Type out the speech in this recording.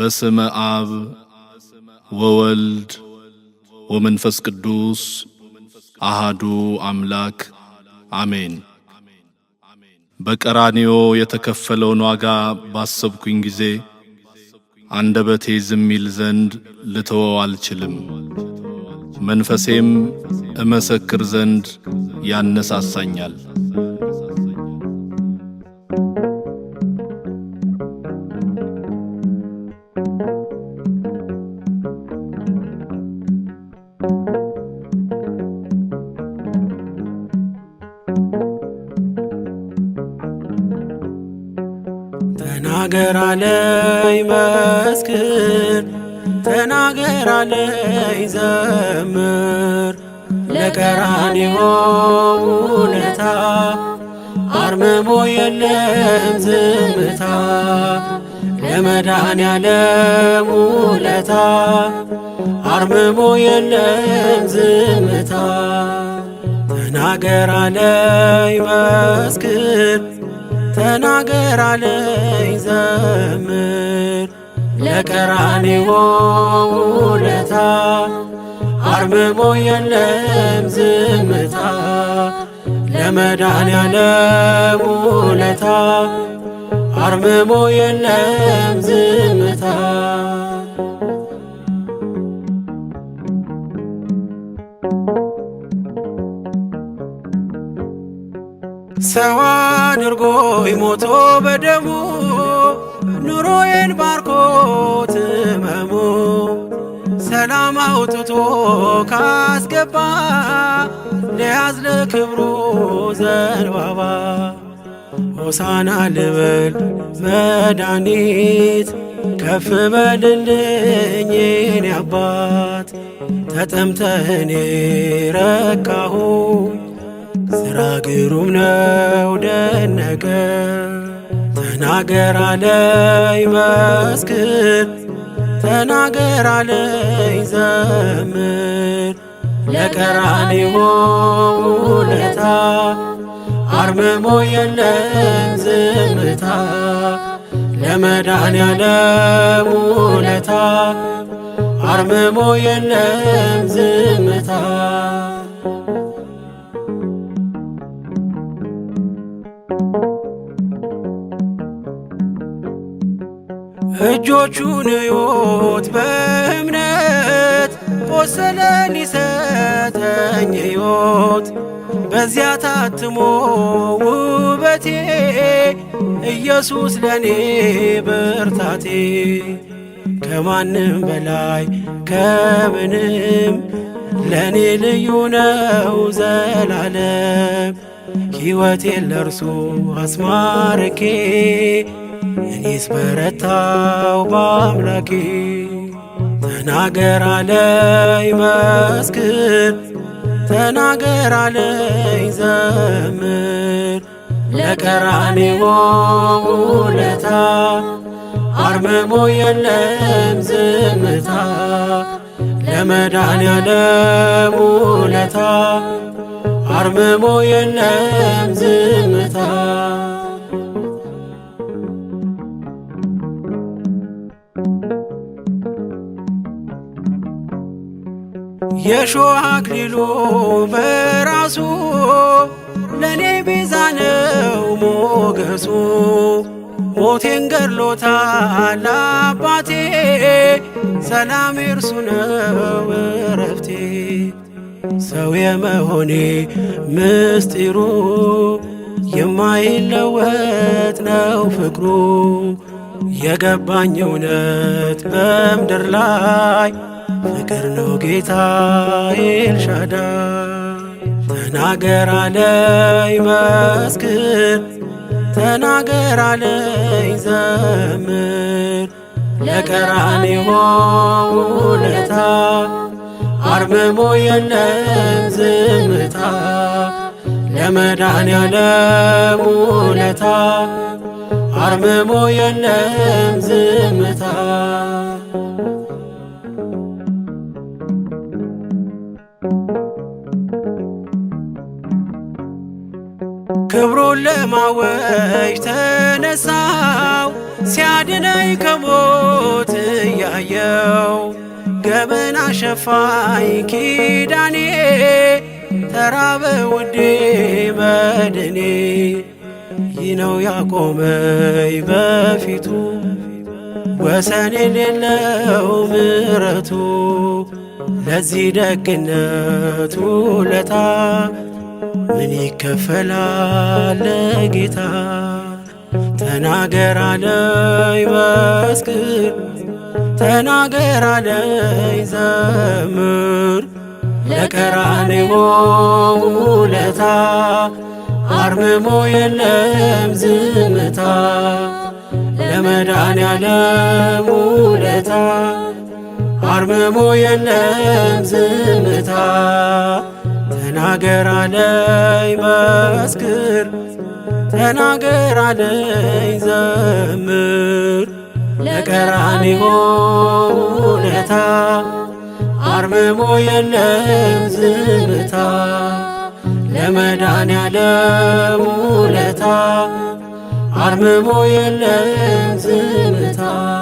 በስመ አብ ወወልድ ወመንፈስ ቅዱስ አሃዱ አምላክ አሜን። በቀራኒዮ የተከፈለውን ዋጋ ባሰብኩኝ ጊዜ አንደበቴ ዝም ይል ዘንድ ልተወው አልችልም፣ መንፈሴም እመሰክር ዘንድ ያነሳሳኛል። ተናገር አለኝ መስክር፣ ተናገር አለኝ ዘምር፣ ለቀራንዮ ውለታ አርምሞ የለም ዝምታ፣ ለመድኃኔዓለም ውለታ አርምሞ የለም ዝምታ፣ ተናገር አለኝ መስክር ተናገር አለኝ ዘምር ለቀራንዮ ውለታ አርምሞ የለም ዝምታ ለመድኃኔዓለም ውለታ አርምሞ የለም ሞቶ በደሙ ኑሮዬን ባርኮት ህመሙ ሰላም አውጥቶ ካስገባ ለያዝ ክብሩ ዘንባባ ሆሳና ልበል መድኃኒት ከፍ በልልኝ የኔ አባት ተጠምተህ እኔ ረካሁ ስራ ግሩም ነው ደነቀ። ተናገር አለኝ መስክር፣ ተናገር አለኝ ዘምር። ለቀራንዮ ውለታ አርምሞ የለም ዝምታ ለመድኃኔዓለም ውለታ አርምሞ የለም ዝምታ እጆቹን ሕይወት በእምነት ቆሰለን ይሰጠኝ ሕይወት በዚያ ታትሞ ውበቴ ኢየሱስ ለእኔ ብርታቴ ከማንም በላይ ከምንም ለኔ ልዩ ነው ዘላለም ሕይወቴን ለእርሱ አስማርኬ ጥቂት በረታው በአምላኬ ተናገር አለኝ መስክር፣ ተናገር አለኝ ዘምር። ለቀራኔዎ ውለታ አርመሞ የለም ዝምታ፣ ለመዳን ያለ ውለታ አርመሞ የለም ዝምታ የሾህ አክሊሉ በራሱ ለኔ ቤዛ ነው ሞገሱ። ሞቴን ገድሎታል አባቴ፣ ሰላም እርሱ ነው እረፍቴ። ሰው የመሆኔ ምስጢሩ የማይለወጥ ነው ፍቅሩ። የገባኝ እውነት በምድር ላይ ፍቅር ነው ጌታ ኤልሻዳይ ተናገር አለኝ መስክር ተናገር አለኝ ዘምር ለቀራንዮ ውለታ አርምሞ የለም ዝምታ ለመድኃኔዓለም ውለታ አርምሞ የለም ዝምታ ክብሩን ለማወጅ ተነሳው ሲያድነኝ ከሞት እያየው ገመና ሸፋኝ ኪዳኔ ተራበ ውዴ መድኔ ይህ ነው ያቆመኝ በፊቱ ወሰን የሌለው ምረቱ ለዚህ ደግነቱ ለታ ምን ይከፈላል ጌታ ተናገር አለኝ መስክር፣ ተናገር አለኝ ዘምር። ለቀራንዮ ውለታ አርምሞ የለም ዝምታ፣ ለመድኃኔዓለም ውለታ አርምሞ የለም ዝምታ ተናገር አለኝ መስክር፣ ተናገር አለኝ ዘምር። ለቀራንዮ ውለታ አርምሞ የለም ዝምታ፣ ለመድኃኔዓለም ውለታ አርምሞ የለም ዝምታ